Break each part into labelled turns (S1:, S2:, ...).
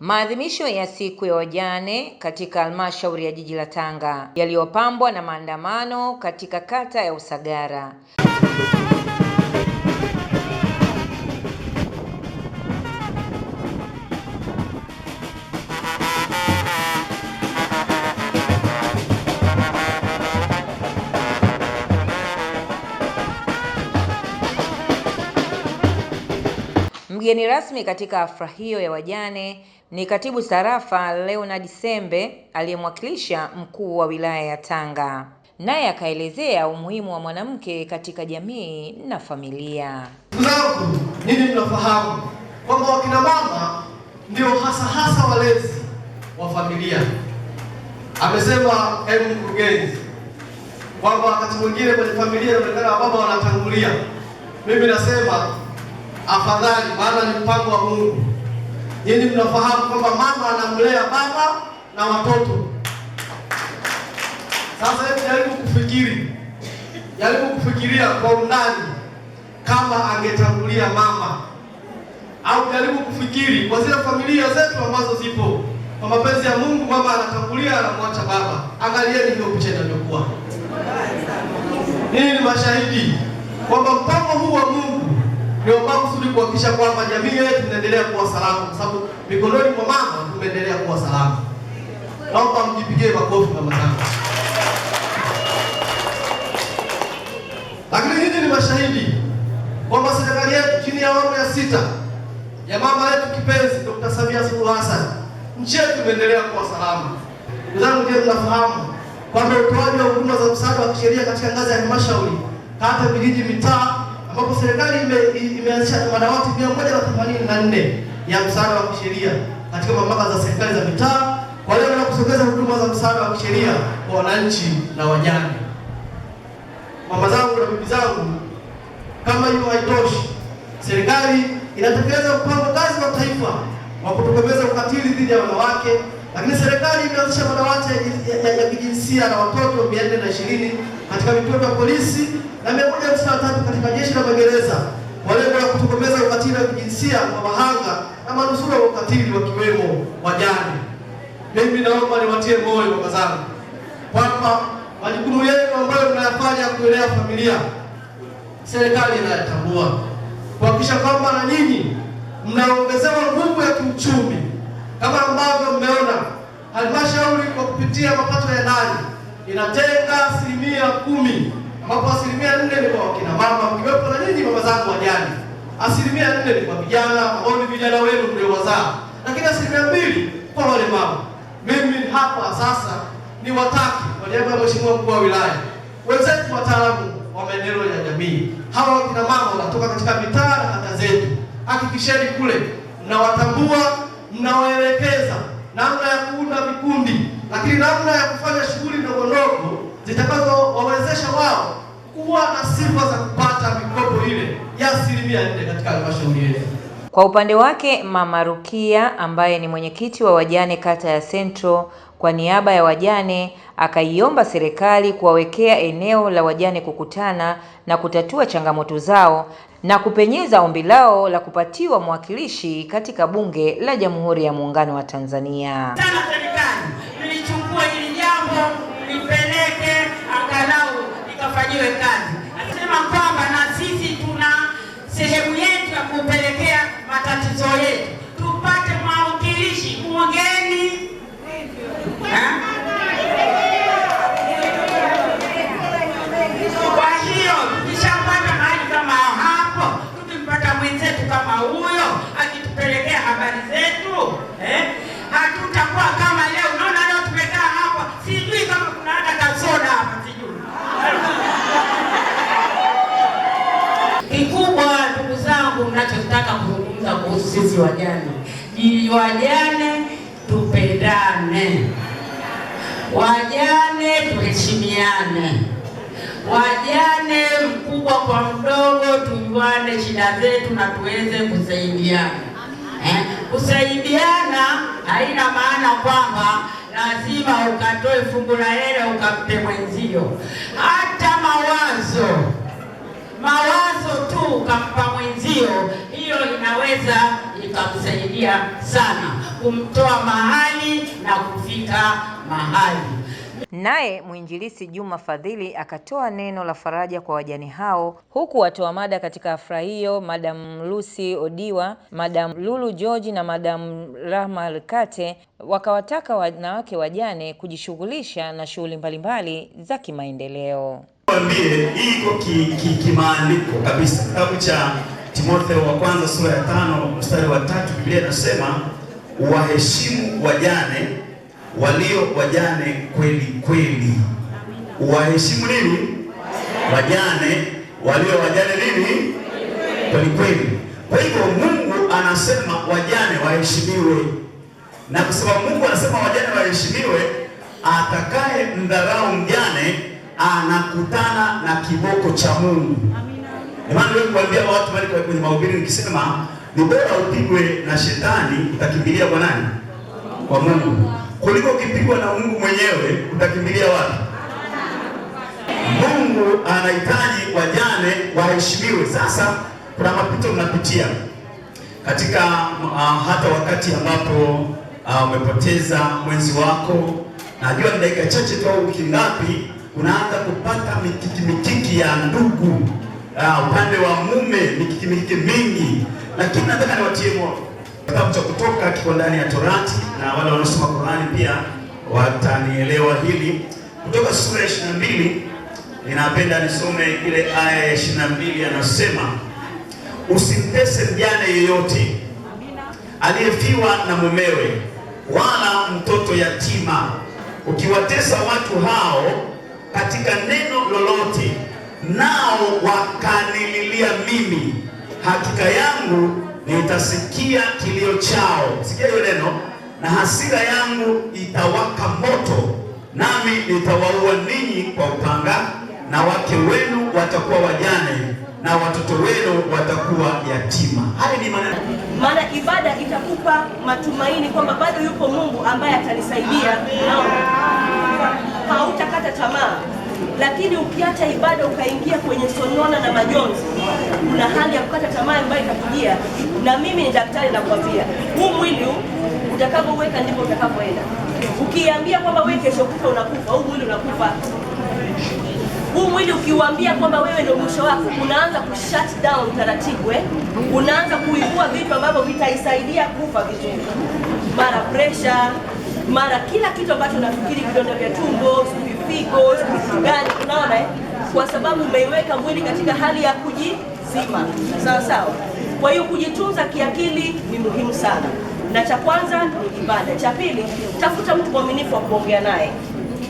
S1: Maadhimisho ya siku ya wajane katika halmashauri ya jiji la Tanga yaliyopambwa na maandamano katika kata ya Usagara Mgeni rasmi katika afra hiyo ya wajane ni Katibu Tarafa Leonard Sembe aliyemwakilisha Mkuu wa Wilaya ya Tanga, naye akaelezea umuhimu wa mwanamke katika jamii na familia.
S2: Mzangu, nini mnafahamu kwamba wakina mama ndio hasa hasa walezi wa familia. Amesema hebu mkurugenzi kwamba wakati mwingine kwenye familia inaonekana wababa wanatangulia. Mimi nasema afadhali, maana ni mpango wa Mungu. Nyinyi mnafahamu kwamba mama anamlea baba na watoto. Sasa hebu jaribu kufikiri, jaribu kufikiria kwa undani, kama angetangulia mama, au jaribu kufikiri kwa zile familia zetu ambazo zipo kwa mapenzi ya Mungu, mama anatangulia, anamwacha baba. Angalieni hiyo picha inavyokuwa. Hii ni mashahidi kwamba mpango huu wa Mungu ni kusudi kuhakikisha kwamba jamii yetu inaendelea kuwa salama, kwa sababu mikononi mwa mama tumeendelea kuwa salama. Naomba mjipigie makofi mama zangu. Lakini hivi ni mashahidi kwamba serikali yetu chini ya awamu ya sita ya mama yetu kipenzi Dr. Samia Suluhu Hassan, nchi yetu imeendelea kuwa salama. Wenzangu, je, mnafahamu kwamba utoaji wa huduma za msaada wa kisheria katika ngazi ya halmashauri, kata, vijiji, mitaa ambapo serikali imeanzisha ime madawati mia moja na themanini na nne ya msaada wa kisheria katika mamlaka za serikali za mitaa kwa lengo la kusogeza huduma za msaada wa kisheria kwa wananchi na wajane. Mama zangu na bibi zangu, kama hiyo haitoshi, serikali inatekeleza mpango kazi wa taifa wa kutokomeza ukatili dhidi ya wanawake lakini serikali imeanzisha madawati ya kijinsia na watoto mia nne na ishirini katika vituo vya polisi na mia moja hamsini na tatu katika jeshi la magereza kwa lengo la kutokomeza ukatili wa kijinsia kwa wahanga na manusura wa ukatili wakiwemo wajane. Mimi naomba niwatie moyo baba zangu kwamba majukumu yenu ambayo mnayafanya kuelea familia, serikali inayatambua kuhakikisha kwamba na nyinyi mnaongezewa nguvu ya kiuchumi kama ambavyo mmeona halmashauri kwa kupitia mapato ya ndani inatenga asilimia kumi ambapo asilimia nne ni kwa wakina mama mkiwepo na nyinyi mama zangu wajani, asilimia nne ni kwa vijana ambao ni vijana wenu mliowazaa, lakini asilimia mbili kwa wale mama. Mimi hapa sasa ni wataki kwa niaba ya Mheshimiwa mkuu wa wilaya, wenzetu wataalamu wa maendeleo ya jamii, hawa wakina mama wanatoka katika mitaa na kata zetu, hakikisheni kule mnawatambua mnaoelekeza namna ya kuunda vikundi, lakini namna ya kufanya shughuli ndogo ndogo zitakazowawezesha wao kuwa na sifa za kupata mikopo ile ya asilimia nne katika halmashauri yetu.
S1: Kwa upande wake Mama Rukia ambaye ni mwenyekiti wa wajane kata ya Central kwa niaba ya wajane akaiomba serikali kuwawekea eneo la wajane kukutana na kutatua changamoto zao na kupenyeza ombi lao la kupatiwa mwakilishi katika Bunge la Jamhuri ya Muungano wa Tanzania.
S3: Sana serikali ilichukua hili jambo lipeleke angalau likafanyiwe kazi. sisi wajane, wajane tupendane, wajane tuheshimiane, wajane mkubwa kwa mdogo tujuane shida zetu na tuweze kusaidiana. Eh, kusaidiana haina maana kwamba lazima ukatoe fungu la hela ukampe mwenzio, hata mawazo mawazo tu ukampa mwenzio hilo linaweza likakusaidia sana kumtoa mahali na kufika mahali.
S1: Naye mwinjilisi Juma Fadhili akatoa neno la faraja kwa wajane hao, huku watoa mada katika afra hiyo Madam Lucy Odiwa, Madam Lulu George na Madam Rahma Alkate wakawataka wanawake wajane kujishughulisha na shughuli mbalimbali za kimaendeleo.
S4: Ambie hii iko kimaandiko ki, kabisa kitabu cha Timotheo wa kwanza sura ya tano mstari wa tatu Biblia inasema waheshimu wajane, walio wajane kweli kweli. Waheshimu nini? Wajane, walio wajane nini? Kweli kweli. Kwa hivyo Mungu anasema wajane waheshimiwe, na kwa sababu Mungu anasema wajane waheshimiwe, atakaye mdharau mjane anakutana na kiboko cha Mungu. Ndio wewe kuambia watu wale kwenye mahubiri nikisema ni bora upigwe na shetani utakimbilia kwa nani? Kwa Mungu. Kuliko ukipigwa na Mungu mwenyewe utakimbilia wapi? Mungu anahitaji wajane waheshimiwe. Sasa kuna mapito mnapitia katika uh, hata wakati ambapo ah, umepoteza mwenzi wako, najua ni dakika chache tu au wiki ngapi, unaanza kupata mikiki mikiki ya ndugu uh, upande wa mume mikikimikiki mingi, lakini nataka niwatie moyo. Kitabu cha Kutoka kiko ndani ya Torati na wale wanaosoma Qur'ani pia watanielewa hili. Kutoka sura ya 22 ninapenda nisome ile aya ya 22, anasema usimtese mjane yeyote aliyefiwa na mumewe, wala mtoto yatima. Ukiwatesa watu hao katika neno lolote nao wakanililia mimi, hakika yangu nitasikia kilio chao. Sikia hiyo neno, na hasira yangu itawaka moto, nami nitawaua ninyi kwa upanga, na wake wenu watakuwa wajane na watoto wenu watakuwa yatima. Haya ni maana
S5: maana ibada itakupa matumaini kwamba bado yupo Mungu ambaye atanisaidia, nao hautakata tamaa. Lakini ukiacha ibada ukaingia kwenye sonona na majonzi, kuna hali ya kukata tamaa ambayo itakujia. Na mimi ni daktari, nakwambia huu mwili utakapoweka ndipo utakapoenda. Ukiambia kwamba wewe kesho kufa unakufa, huu mwili unakufa. Huu mwili ukiuambia kwamba wewe ndio mwisho wako, unaanza ku shut down taratibu, eh, unaanza kuibua vitu ambavyo vitaisaidia kufa vizuri, mara pressure, mara kila kitu ambacho nafikiri, vidonda vya tumbo figo, gani, unaona eh? Kwa sababu umeiweka mwili katika hali ya kujizima, sawa sawa. Kwa hiyo kujitunza kiakili ni muhimu sana, na cha kwanza ni ibada, cha pili tafuta mtu mwaminifu wa kuongea naye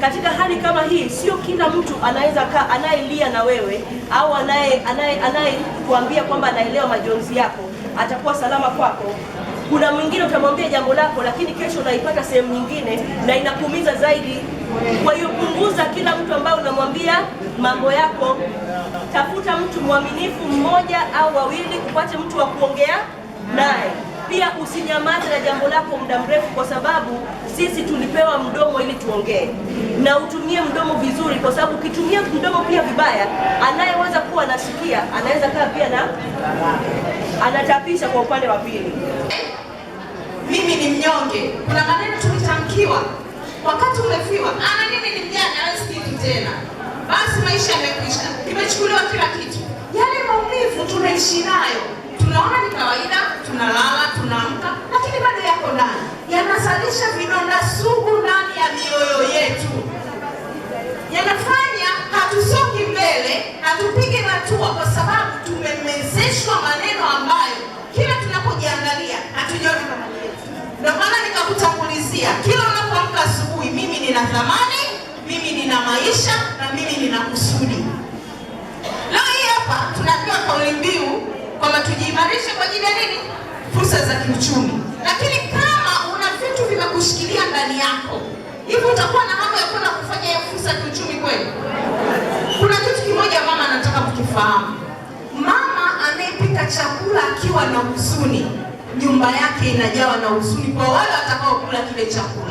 S5: katika hali kama hii. Sio kila mtu anaweza kaa anayelia na wewe au anaye anayekuambia kwamba anaelewa majonzi yako atakuwa salama kwako. Kuna mwingine utamwambia jambo lako, lakini kesho unaipata sehemu nyingine na inakuumiza zaidi. Kwa hiyo mambo yako, tafuta mtu mwaminifu mmoja au wawili, upate mtu wa kuongea naye. Pia usinyamaze na jambo lako muda mrefu, kwa sababu sisi tulipewa mdomo ili tuongee, na utumie mdomo vizuri, kwa sababu ukitumia mdomo pia vibaya, anayeweza kuwa anasikia anaweza kaa pia na anatapisha kwa upande wa pili.
S6: Mimi ni mnyonge, kuna maneno tulitamkiwa wakati umefiwa, ana ah, mimi ni mjane, hawezi kitu tena basi maisha yamekwisha, imechukuliwa kila kitu. Yale maumivu tunaishi nayo, tunaona ni kawaida, tunalala, tunaamka, lakini bado yako ndani, yanazalisha vidonda sugu ndani ya mioyo yetu, yanafanya hatusongi mbele, hatupige hatua, kwa sababu tumemezeshwa maneno ambayo kila tunapojiangalia hatujioni kama yetu. Ndio maana nikakutangulizia kila unapoamka asubuhi, mimi nina thamani, mimi nina maisha mimi nina kusudi. Leo hii hapa tunapewa kauli mbiu kwamba tujiimarishe kwa ajili ya nini? Fursa za kiuchumi. Lakini kama una vitu vimekushikilia ndani yako, hivi utakuwa na mambo ya kwenda kufanya ya fursa ya kiuchumi kweli? Kuna kitu kimoja mama anataka kukifahamu. Mama anayepika chakula akiwa na huzuni, nyumba yake inajawa na huzuni kwa wale watakaokula kile chakula.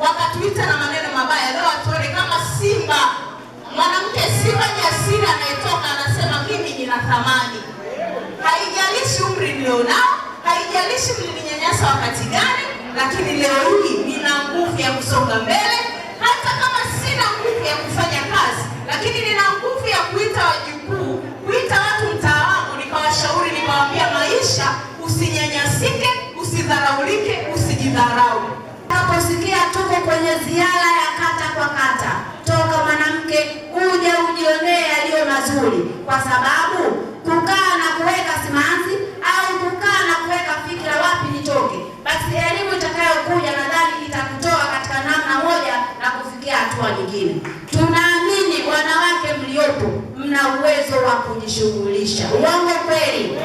S6: wakatuita na maneno mabaya. Leo atuone kama simba, mwanamke simba jasiri anayetoka anasema mimi nina thamani, haijalishi umri nilionao, haijalishi mlininyanyasa wakati gani, lakini leo hii nina nguvu ya kusonga mbele, hata kama sina nguvu ya kufanya kazi, lakini nina nguvu ya kuita wajukuu, kuita watu mtaa wangu, nikawashauri, nikawaambia maisha, usinyanyasike, usidharaulike, usijidharau unaposikia tuko kwenye ziara ya kata kwa kata, toka mwanamke uje ujionee yaliyo mazuri, kwa sababu kukaa na kuweka simanzi au kukaa na kuweka fikira wapi nitoke, basi elimu itakayokuja nadhani itakutoa katika namna moja na kufikia hatua nyingine. Tunaamini wanawake mliopo mna uwezo wa kujishughulisha. Uongo kweli?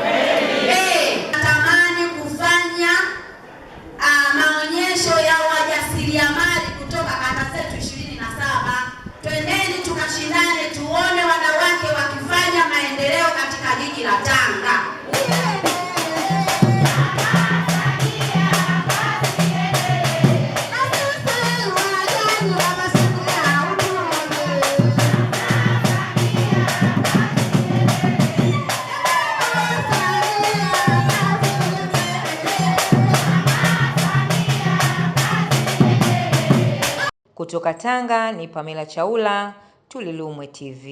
S1: Kutoka Tanga ni Pamela Chaula, Tulilumwe TV.